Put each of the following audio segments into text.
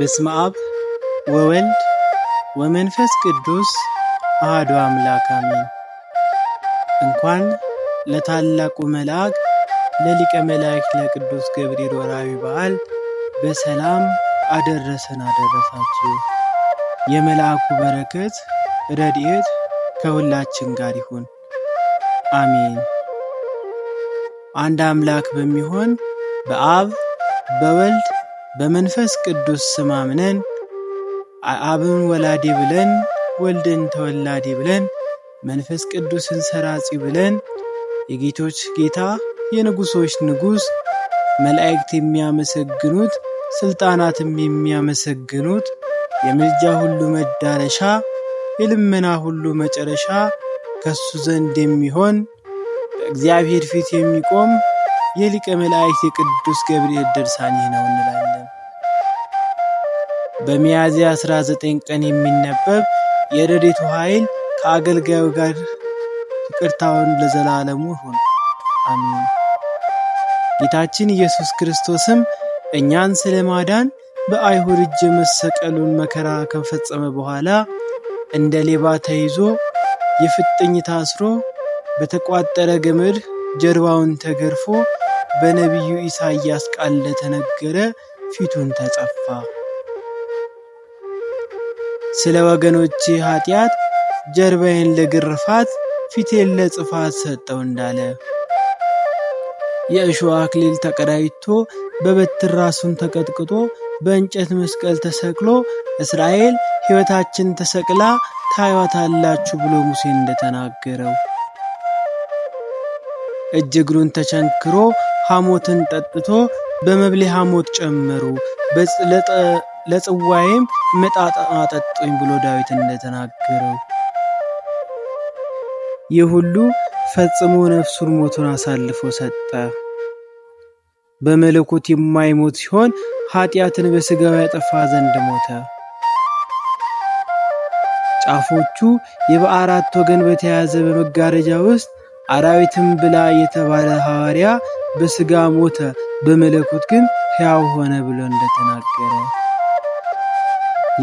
በስመ አብ ወወልድ ወመንፈስ ቅዱስ አሐዱ አምላክ አሜን። እንኳን ለታላቁ መልአክ ለሊቀ መላእክት ለቅዱስ ገብርኤል ወርሃዊ በዓል በሰላም አደረሰን አደረሳችሁ። የመልአኩ በረከት ረድኤት ከሁላችን ጋር ይሁን አሜን። አንድ አምላክ በሚሆን በአብ በወልድ በመንፈስ ቅዱስ ስም አምነን አብን ወላዴ ብለን ወልድን ተወላዴ ብለን መንፈስ ቅዱስን ሰራጺ ብለን የጌቶች ጌታ የንጉሶች ንጉሥ መላእክት የሚያመሰግኑት ስልጣናትም የሚያመሰግኑት የምልጃ ሁሉ መዳረሻ የልመና ሁሉ መጨረሻ ከሱ ዘንድ የሚሆን በእግዚአብሔር ፊት የሚቆም የሊቀ መላእክት የቅዱስ ገብርኤል ድርሳን ይህ ነው እንላለን። በሚያዝያ 19 ቀን የሚነበብ የረድኤቱ ኃይል ከአገልጋዩ ጋር ይቅርታውን ለዘላለሙ ይሁን፣ አሜን። ጌታችን ኢየሱስ ክርስቶስም እኛን ስለ ማዳን በአይሁድ እጅ መሰቀሉን መከራ ከፈጸመ በኋላ እንደ ሌባ ተይዞ የፍጥኝ ታስሮ በተቋጠረ ገመድ ጀርባውን ተገርፎ በነቢዩ ኢሳይያስ ቃል ለተነገረ ፊቱን ተጸፋ። ስለ ወገኖቼ ኃጢአት ጀርባዬን ለግርፋት ፊቴን ለጽፋት ሰጠው እንዳለ የእሾህ አክሊል ተቀዳጅቶ በበትር ራሱን ተቀጥቅጦ በእንጨት መስቀል ተሰቅሎ እስራኤል ሕይወታችን ተሰቅላ ታዩታላችሁ ብሎ ሙሴን እንደተናገረው እጅ እግሩን ተቸንክሮ ሐሞትን ጠጥቶ በመብሌ ሐሞት ጨመሩ ለጽዋዬም መጣጣ አጠጡኝ ብሎ ዳዊት እንደተናገረው ይህ ሁሉ ፈጽሞ ነፍሱን ሞቱን አሳልፎ ሰጠ። በመለኮት የማይሞት ሲሆን ኃጢአትን በሥጋው ያጠፋ ዘንድ ሞተ። ጫፎቹ የበአራት ወገን በተያያዘ በመጋረጃ ውስጥ አራዊትም ብላ የተባለ ሐዋርያ በሥጋ ሞተ፣ በመለኮት ግን ሕያው ሆነ ብሎ እንደተናገረ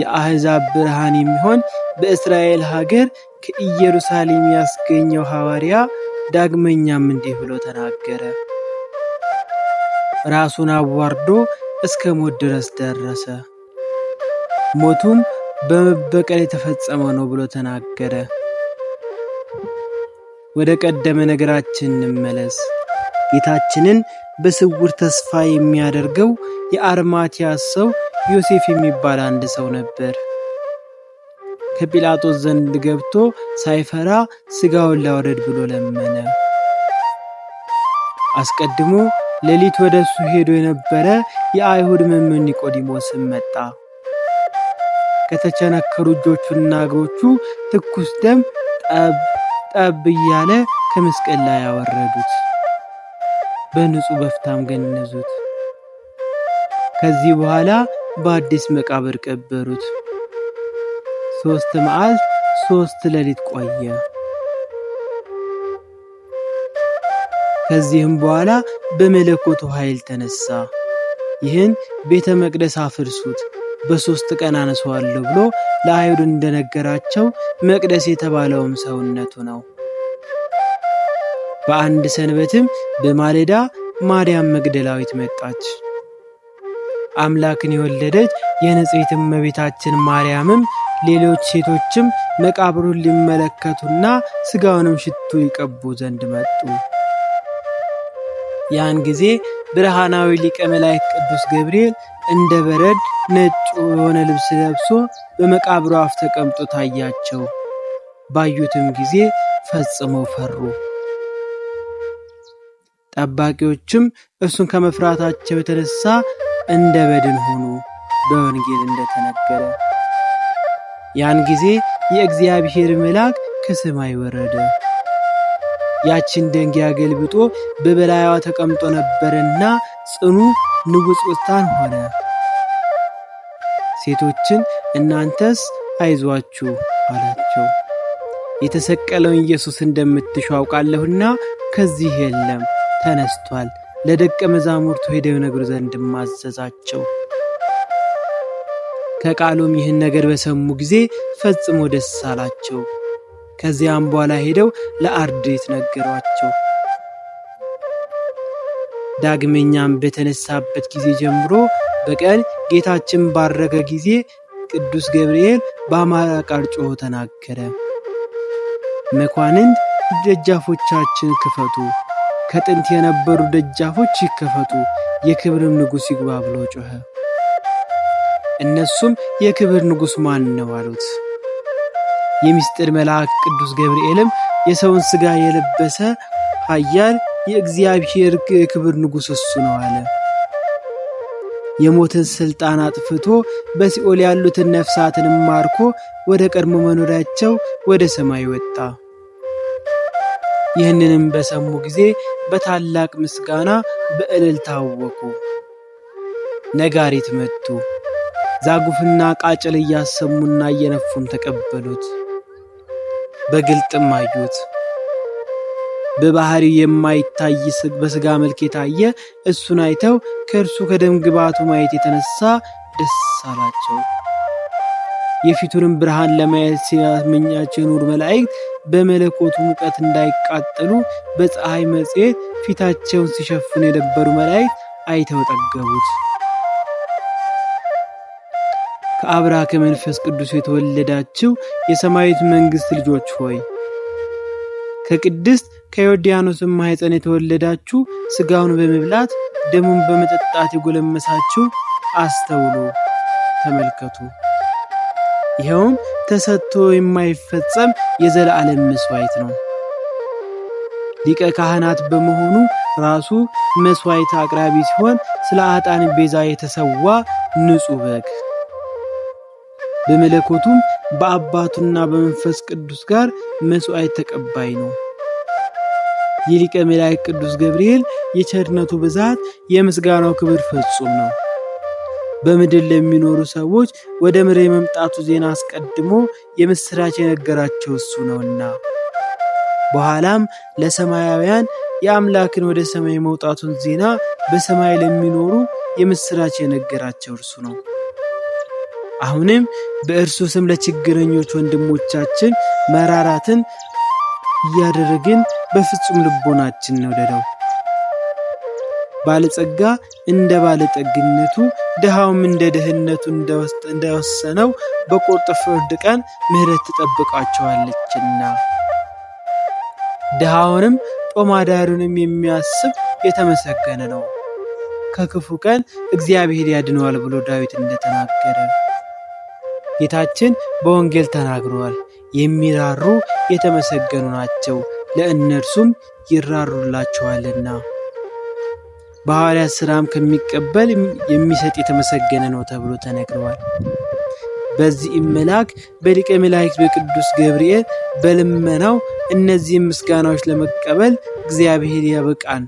የአሕዛብ ብርሃን የሚሆን በእስራኤል ሀገር ከኢየሩሳሌም ያስገኘው ሐዋርያ ዳግመኛም እንዲህ ብሎ ተናገረ። ራሱን አዋርዶ እስከ ሞት ድረስ ደረሰ፣ ሞቱም በመበቀል የተፈጸመ ነው ብሎ ተናገረ። ወደ ቀደመ ነገራችን እንመለስ። ጌታችንን በስውር ተስፋ የሚያደርገው የአርማትያስ ሰው ዮሴፍ የሚባል አንድ ሰው ነበር። ከጲላጦስ ዘንድ ገብቶ ሳይፈራ ሥጋውን ላውረድ ብሎ ለመነ። አስቀድሞ ሌሊት ወደ እሱ ሄዶ የነበረ የአይሁድ መምህር ኒቆዲሞስም መጣ። ከተቸነከሩ እጆቹና እግሮቹ ትኩስ ደም ጠብ ጠብ እያለ ከመስቀል ላይ ያወረዱት፣ በንጹህ በፍታም ገነዙት። ከዚህ በኋላ በአዲስ መቃብር ቀበሩት። ሶስት መዓልት ሶስት ሌሊት ቆየ። ከዚህም በኋላ በመለኮቱ ኃይል ተነሳ። ይህን ቤተ መቅደስ አፍርሱት በሶስት ቀን አነሰዋለሁ ብሎ ለአይሁድ እንደነገራቸው መቅደስ የተባለውም ሰውነቱ ነው። በአንድ ሰንበትም በማለዳ ማርያም መግደላዊት መጣች። አምላክን የወለደች የንጽሕት እመቤታችን ማርያምም ሌሎች ሴቶችም መቃብሩን ሊመለከቱና ሥጋውንም ሽቱ ይቀቡ ዘንድ መጡ። ያን ጊዜ ብርሃናዊ ሊቀ መላእክት ቅዱስ ገብርኤል እንደ በረድ ነጭ የሆነ ልብስ ለብሶ በመቃብሩ አፍ ተቀምጦ ታያቸው። ባዩትም ጊዜ ፈጽመው ፈሩ። ጠባቂዎችም እርሱን ከመፍራታቸው የተነሳ እንደ በድን ሆኑ፣ በወንጌል እንደተነገረ። ያን ጊዜ የእግዚአብሔር መልአክ ከሰማይ ወረደ። ያችን ደንጊያ ገልብጦ በበላያዋ ተቀምጦ ነበርና ጽኑ ንጉሥ ቁስጣን ሆነ። ሴቶችን እናንተስ አይዟችሁ አላቸው። የተሰቀለውን ኢየሱስ እንደምትሹ አውቃለሁና ከዚህ የለም ተነስቷል፣ ለደቀ መዛሙርቱ ሄደው ነግሩ ዘንድ ማዘዛቸው። ከቃሉም ይህን ነገር በሰሙ ጊዜ ፈጽሞ ደስ አላቸው። ከዚያም በኋላ ሄደው ለአርድእት ነገሯቸው። ዳግመኛም በተነሳበት ጊዜ ጀምሮ በቀን ጌታችን ባረገ ጊዜ ቅዱስ ገብርኤል በአማራ ቃል ጮሆ ተናገረ። መኳንንት ደጃፎቻችን ክፈቱ፣ ከጥንት የነበሩ ደጃፎች ይከፈቱ፣ የክብርም ንጉሥ ይግባ ብሎ ጮኸ። እነሱም የክብር ንጉሥ ማን ነው አሉት። የምስጢር መልአክ ቅዱስ ገብርኤልም የሰውን ሥጋ የለበሰ ኃያል የእግዚአብሔር ክብር ንጉሥ እሱ ነው አለ። የሞትን ሥልጣን አጥፍቶ በሲኦል ያሉትን ነፍሳትን ማርኮ ወደ ቀድሞ መኖሪያቸው ወደ ሰማይ ወጣ። ይህንንም በሰሙ ጊዜ በታላቅ ምስጋና በእልል ታወቁ ነጋሪት መቱ። ዛጉፍና ቃጭል እያሰሙና እየነፉም ተቀበሉት። በግልጥም አዩት። በባህሪ የማይታይ በስጋ መልክ የታየ እሱን አይተው ከእርሱ ከደም ግባቱ ማየት የተነሳ ደስ አላቸው። የፊቱንም ብርሃን ለማየት ሲያመኛቸው የኖር መላእክት በመለኮቱ ሙቀት እንዳይቃጠሉ በፀሐይ መጽሔት ፊታቸውን ሲሸፍኑ የነበሩ መላእክት አይተው ጠገቡት። ከአብራከ መንፈስ ቅዱስ የተወለዳችው የሰማያዊት መንግሥት ልጆች ሆይ ከቅድስት ከዮርዳኖስ ማኅፀን የተወለዳችሁ ሥጋውን በመብላት ደሙን በመጠጣት የጎለመሳችሁ አስተውሉ፣ ተመልከቱ። ይኸውም ተሰጥቶ የማይፈጸም የዘላለም መሥዋዕት ነው። ሊቀ ካህናት በመሆኑ ራሱ መሥዋዕት አቅራቢ ሲሆን ስለ አጣን ቤዛ የተሰዋ ንጹሕ በግ በመለኮቱም በአባቱና በመንፈስ ቅዱስ ጋር መሥዋዕት ተቀባይ ነው። የሊቀ መላእክት ቅዱስ ገብርኤል የቸርነቱ ብዛት የምስጋናው ክብር ፍጹም ነው። በምድር ለሚኖሩ ሰዎች ወደ ምድር የመምጣቱ ዜና አስቀድሞ የምሥራች የነገራቸው እሱ ነውና፣ በኋላም ለሰማያውያን የአምላክን ወደ ሰማይ መውጣቱን ዜና በሰማይ ለሚኖሩ የምሥራች የነገራቸው እርሱ ነው። አሁንም በእርሱ ስም ለችግረኞች ወንድሞቻችን መራራትን እያደረግን በፍጹም ልቦናችን እንውደደው። ባለጸጋ እንደ ባለጠግነቱ ድሃውም እንደ ድህነቱ እንደወሰነው በቁርጥ ፍርድ ቀን ምሕረት ትጠብቃቸዋለችና ድሃውንም ጦም የሚያስብ የተመሰገነ ነው፣ ከክፉ ቀን እግዚአብሔር ያድነዋል ብሎ ዳዊት እንደተናገረ ጌታችን በወንጌል ተናግረዋል። የሚራሩ የተመሰገኑ ናቸው ለእነርሱም ይራሩላቸዋልና በሐዋርያት ሥራም ከሚቀበል የሚሰጥ የተመሰገነ ነው ተብሎ ተነግረዋል። በዚህም መልአክ በሊቀ መላእክት በቅዱስ ገብርኤል በልመናው እነዚህም ምስጋናዎች ለመቀበል እግዚአብሔር ያበቃን።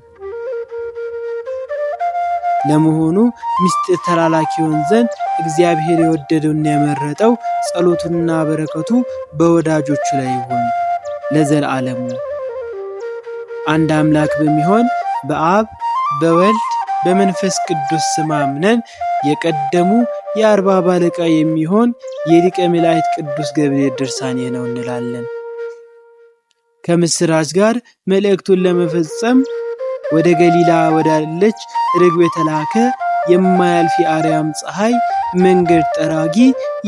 ለመሆኑ ምስጢር ተላላኪ ይሆን ዘንድ እግዚአብሔር የወደደውና የመረጠው ጸሎቱና በረከቱ በወዳጆቹ ላይ ይሆን ለዘላለሙ። አንድ አምላክ በሚሆን በአብ በወልድ በመንፈስ ቅዱስ ስም አምነን የቀደሙ የአርባ ባለቃ የሚሆን የሊቀ መላእክት ቅዱስ ገብርኤል ድርሳኔ ነው እንላለን። ከምስራች ጋር መልእክቱን ለመፈጸም ወደ ገሊላ ወዳለች ርግብ የተላከ የማያልፍ የአርያም ፀሐይ መንገድ ጠራጊ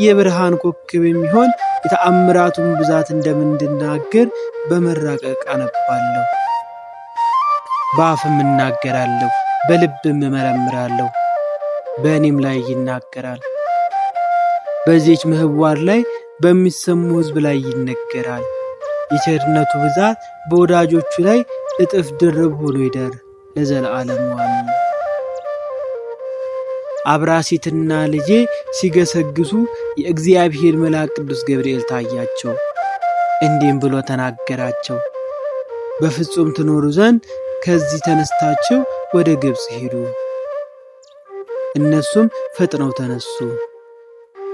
የብርሃን ኮከብ የሚሆን የተአምራቱን ብዛት እንደምንድናገር በመራቀቅ አነባለሁ። በአፍም እናገራለሁ፣ በልብም እመረምራለሁ፣ በእኔም ላይ ይናገራል። በዚች ምህዋር ላይ በሚሰሙ ሕዝብ ላይ ይነገራል። የቸርነቱ ብዛት በወዳጆቹ ላይ እጥፍ ድርብ ሆኖ ይደር ለዘለዓለሙ ዋኑ። አብራሲትና ልጄ ሲገሰግሱ የእግዚአብሔር መልአክ ቅዱስ ገብርኤል ታያቸው፣ እንዲህም ብሎ ተናገራቸው። በፍጹም ትኖሩ ዘንድ ከዚህ ተነስታችሁ ወደ ግብፅ ሂዱ። እነሱም ፈጥነው ተነሱ።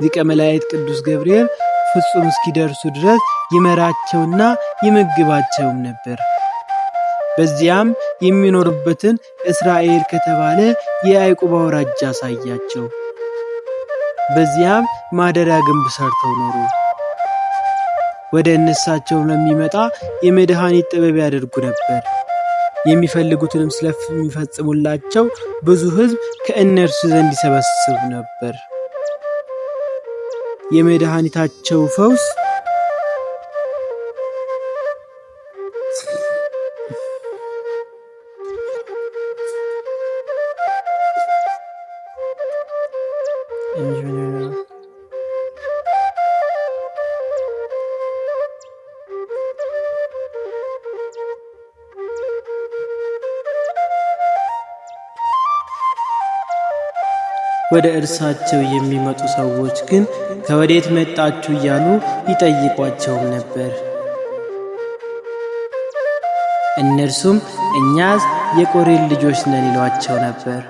ሊቀ መላእክት ቅዱስ ገብርኤል ፍጹም እስኪደርሱ ድረስ ይመራቸውና ይመግባቸውም ነበር። በዚያም የሚኖሩበትን እስራኤል ከተባለ የያዕቆብ አውራጃ አሳያቸው። በዚያም ማደሪያ ግንብ ሰርተው ኖሩ። ወደ እነሳቸው ለሚመጣ የመድኃኒት ጥበብ ያደርጉ ነበር። የሚፈልጉትንም ስለሚፈጽሙላቸው ብዙ ሕዝብ ከእነርሱ ዘንድ ይሰበስብ ነበር። የመድኃኒታቸው ፈውስ ወደ እርሳቸው የሚመጡ ሰዎች ግን ከወዴት መጣችሁ እያሉ ይጠይቋቸውም ነበር። እነርሱም እኛስ የቆሬን ልጆች ነን ይሏቸው ነበር።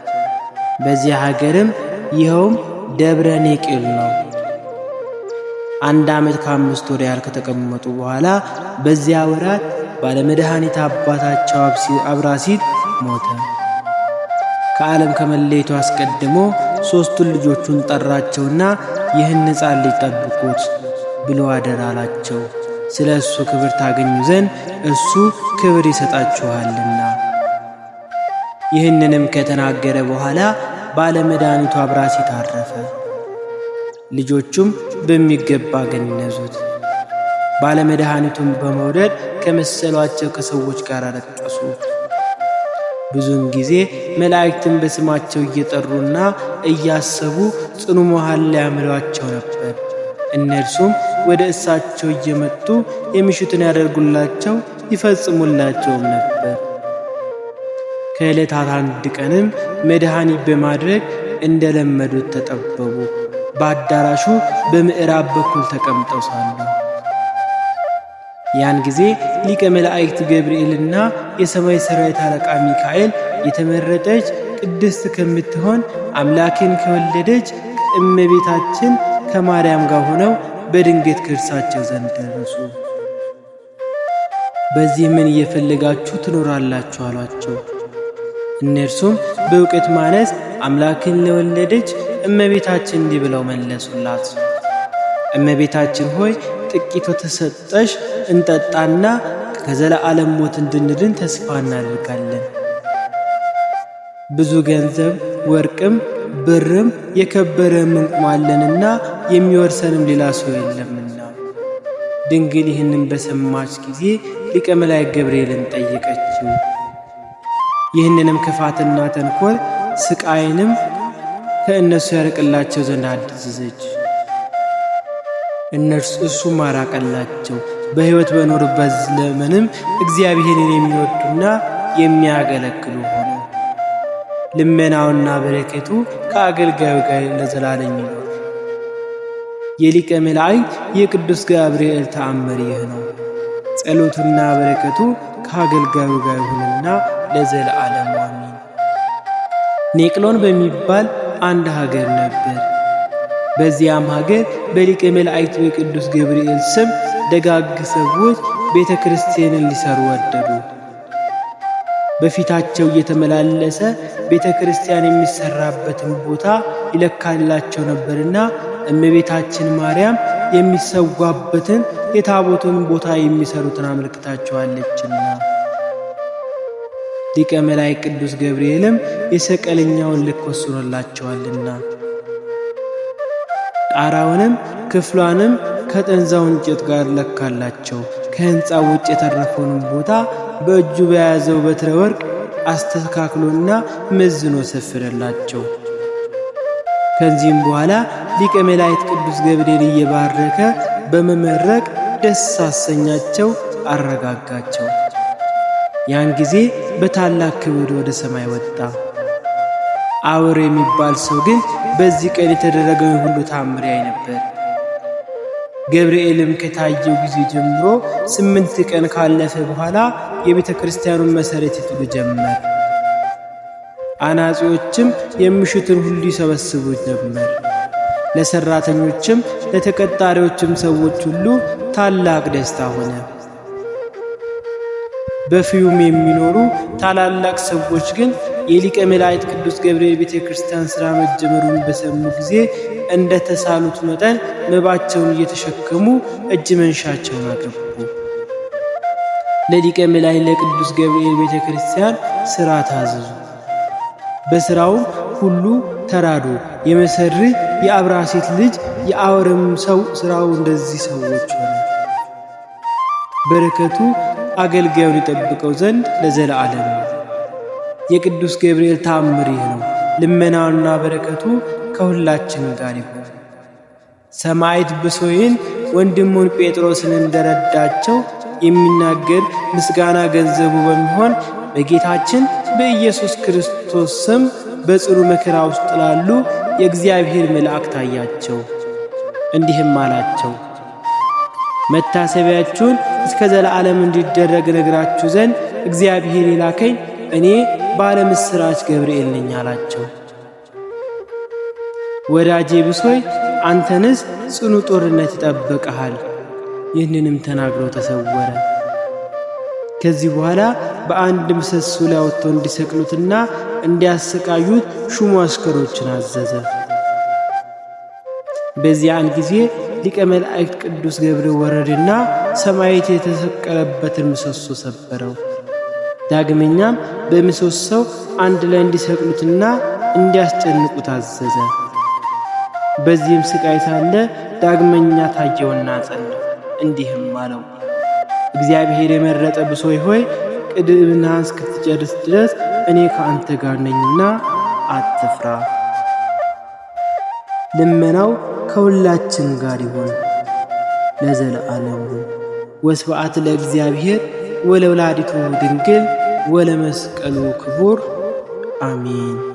በዚያ ሀገርም ይኸውም ደብረ ኔቄል ነው። አንድ ዓመት ከአምስት ወር ያህል ከተቀመጡ በኋላ በዚያ ወራት ባለመድኃኒት አባታቸው አብራሲት ሞተ። ከዓለም ከመለየቱ አስቀድሞ ሦስቱን ልጆቹን ጠራቸውና ይህን ሕፃን ልጅ ጠብቁት ብሎ አደራ አላቸው። ስለ እሱ ክብር ታገኙ ዘንድ እሱ ክብር ይሰጣችኋልና። ይህንንም ከተናገረ በኋላ ባለመድኃኒቱ አብራሲ ታረፈ። ልጆቹም በሚገባ ገነዙት። ባለመድኃኒቱን በመውደድ ከመሰሏቸው ከሰዎች ጋር አለቀሱ። ብዙን ጊዜ መላእክትን በስማቸው እየጠሩና እያሰቡ ጽኑ መሃል ያምሏቸው ነበር። እነርሱም ወደ እሳቸው እየመጡ የሚሹትን ያደርጉላቸው ይፈጽሙላቸውም ነበር። ከዕለታት አንድ ቀንም መድኃኒት በማድረግ እንደለመዱት ተጠበቡ። በአዳራሹ በምዕራብ በኩል ተቀምጠው ሳሉ ያን ጊዜ ሊቀ መላእክት ገብርኤልና የሰማይ ሠራዊት አለቃ ሚካኤል የተመረጠች ቅድስት ከምትሆን አምላክን ከወለደች ከእመቤታችን ከማርያም ጋር ሆነው በድንገት ከእርሳቸው ዘንድ ደረሱ። በዚህ ምን እየፈለጋችሁ ትኖራላችሁ? አሏቸው። እነርሱም በእውቀት ማነስ አምላክን ለወለደች እመቤታችን እንዲህ ብለው መለሱላት። እመቤታችን ሆይ ጥቂቱ ተሰጠሽ እንጠጣና ከዘላለም ሞት እንድንድን ተስፋ እናደርጋለን። ብዙ ገንዘብ ወርቅም ብርም የከበረ እንቁማለንና የሚወርሰንም ሌላ ሰው የለምና። ድንግል ይህንን በሰማች ጊዜ ሊቀ መላእክት ገብርኤልን ጠየቀችው። ይህንንም ክፋትና ተንኮል ስቃይንም ከእነሱ ያርቅላቸው ዘንድ አዘዘች። እነርሱ እሱ ማራቀላቸው። በሕይወት በኖርበት ዘመንም እግዚአብሔርን የሚወዱና የሚያገለግሉ ሆኑ። ልመናውና በረከቱ ከአገልጋዩ ጋር ለዘላለም ይኖር። የሊቀ መላእክት የቅዱስ ገብርኤል ተአምር ይህ ነው። ጸሎቱና በረከቱ ከአገልጋዩ ጋር ይሁንና ለዘለዓለም አሜን። ኔቅሎን በሚባል አንድ ሀገር ነበር። በዚያም ሀገር በሊቀ መላእክት በቅዱስ ገብርኤል ስም ደጋግ ሰዎች ቤተ ክርስቲያንን ሊሰሩ ወደዱ። በፊታቸው እየተመላለሰ ቤተ ክርስቲያን የሚሰራበትን ቦታ ይለካላቸው ነበርና እመቤታችን ማርያም የሚሰዋበትን የታቦቱን ቦታ የሚሰሩትን አመልክታቸዋለችና። ሊቀ መላእክት ቅዱስ ገብርኤልም የሰቀለኛውን ልክ ወስኖላቸዋልና ጣራውንም ክፍሏንም ከጠንዛው እንጨት ጋር ለካላቸው። ከህንፃው ውጭ የተረፈውን ቦታ በእጁ በያዘው በትረ ወርቅ አስተካክሎና መዝኖ ሰፍረላቸው። ከዚህም በኋላ ሊቀ መላእክት ቅዱስ ገብርኤል እየባረከ በመመረቅ ደስ አሰኛቸው፣ አረጋጋቸው። ያን ጊዜ በታላቅ ክብር ወደ ሰማይ ወጣ። አውር የሚባል ሰው ግን በዚህ ቀን የተደረገውን ሁሉ ታምር ያይ ነበር። ገብርኤልም ከታየው ጊዜ ጀምሮ ስምንት ቀን ካለፈ በኋላ የቤተ ክርስቲያኑን መሠረት ይጥሉ ጀመር። አናጺዎችም የምሽትን ሁሉ ይሰበስቡ ጀመር። ለሠራተኞችም ለተቀጣሪዎችም ሰዎች ሁሉ ታላቅ ደስታ ሆነ። በፍዩም የሚኖሩ ታላላቅ ሰዎች ግን የሊቀ መላእክት ቅዱስ ገብርኤል ቤተ ክርስቲያን ሥራ መጀመሩን በሰሙ ጊዜ እንደ ተሳሉት መጠን መባቸውን እየተሸከሙ እጅ መንሻቸውን አቅርቡ። ለሊቀ መላእክት ለቅዱስ ገብርኤል ቤተ ክርስቲያን ሥራ ታዘዙ። በሥራውም ሁሉ ተራዶ የአብራ ሴት ልጅ የአወርም ሰው ሥራው እንደዚህ ሰዎች ሆነ። በረከቱ አገልጋዩን ይጠብቀው ዘንድ ለዘለዓለም። የቅዱስ ገብርኤል ታምር ይህ ነው። ልመናውና በረከቱ ከሁላችን ጋር ይሁን። ሰማዕት ብሶይን ወንድሙን ጴጥሮስን እንደረዳቸው የሚናገር ምስጋና ገንዘቡ በሚሆን በጌታችን በኢየሱስ ክርስቶስ ስም በጽኑ መከራ ውስጥ ላሉ የእግዚአብሔር መልአክ ታያቸው፣ እንዲህም አላቸው መታሰቢያችሁን እስከ ዘለዓለም እንዲደረግ ነግራችሁ ዘንድ እግዚአብሔር ይላከኝ። እኔ ባለ ምስራች ገብርኤል ነኝ አላቸው። ወዳጄ ብሶይ አንተንስ ጽኑ ጦርነት ይጠብቅሃል። ይህንንም ተናግሮ ተሰወረ። ከዚህ በኋላ በአንድ ምሰሶ ላይ ወጥቶ እንዲሰቅሉትና እንዲያሰቃዩት ሹሙ አስከሮችን አዘዘ። በዚያን ጊዜ ሊቀ መላእክት ቅዱስ ገብርኤል ወረደና ሰማያዊት የተሰቀለበትን ምሰሶ ሰበረው። ዳግመኛም በምሰሶው አንድ ላይ እንዲሰቅሉትና እንዲያስጨንቁት አዘዘ። በዚህም ስቃይ ሳለ ዳግመኛ ታየውና ጸናው። እንዲህም አለው፣ እግዚአብሔር የመረጠ ብሶይ ሆይ ቅድብና እስክትጨርስ ድረስ እኔ ከአንተ ጋር ነኝና አትፍራ። ልመናው ከሁላችን ጋር ይሆን ለዘለዓለሙ። ወስብዓት ለእግዚአብሔር ወለወላዲቱ ድንግል ወለመስቀሉ ክቡር አሚን።